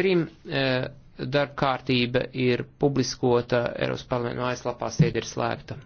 trim e, darba kārtība ir publiskota Eiropas parlamenta mājaslapā, sēde ir slēgta.